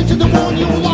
get to the one you want.